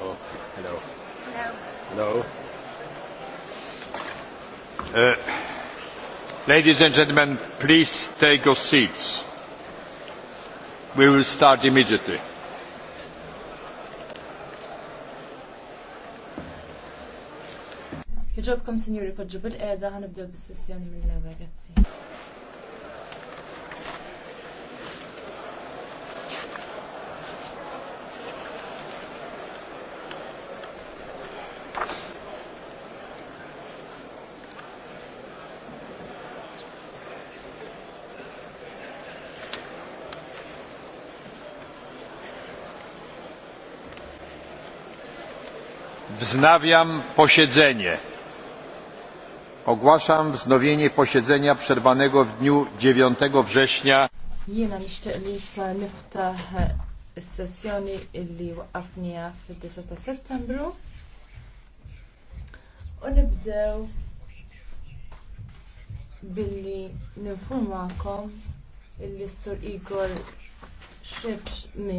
Oh, hello. Hello. Hello. Uh, ladies and gentlemen, please take your seats. We will start immediately. Jġobkom, Signori, podġu bil-qeda ħanibdew bis-sessjoni mill-ewwel, grazzi. Wznawiam posiedzenie. Ogłaszam wznowienie posiedzenia przerwanego w dniu 9 września. Jiena nixtieq li issa niftaħ illi waqafnija fid-9 ta' Settembru. U billi ninformakom illi sur Igor xibx minn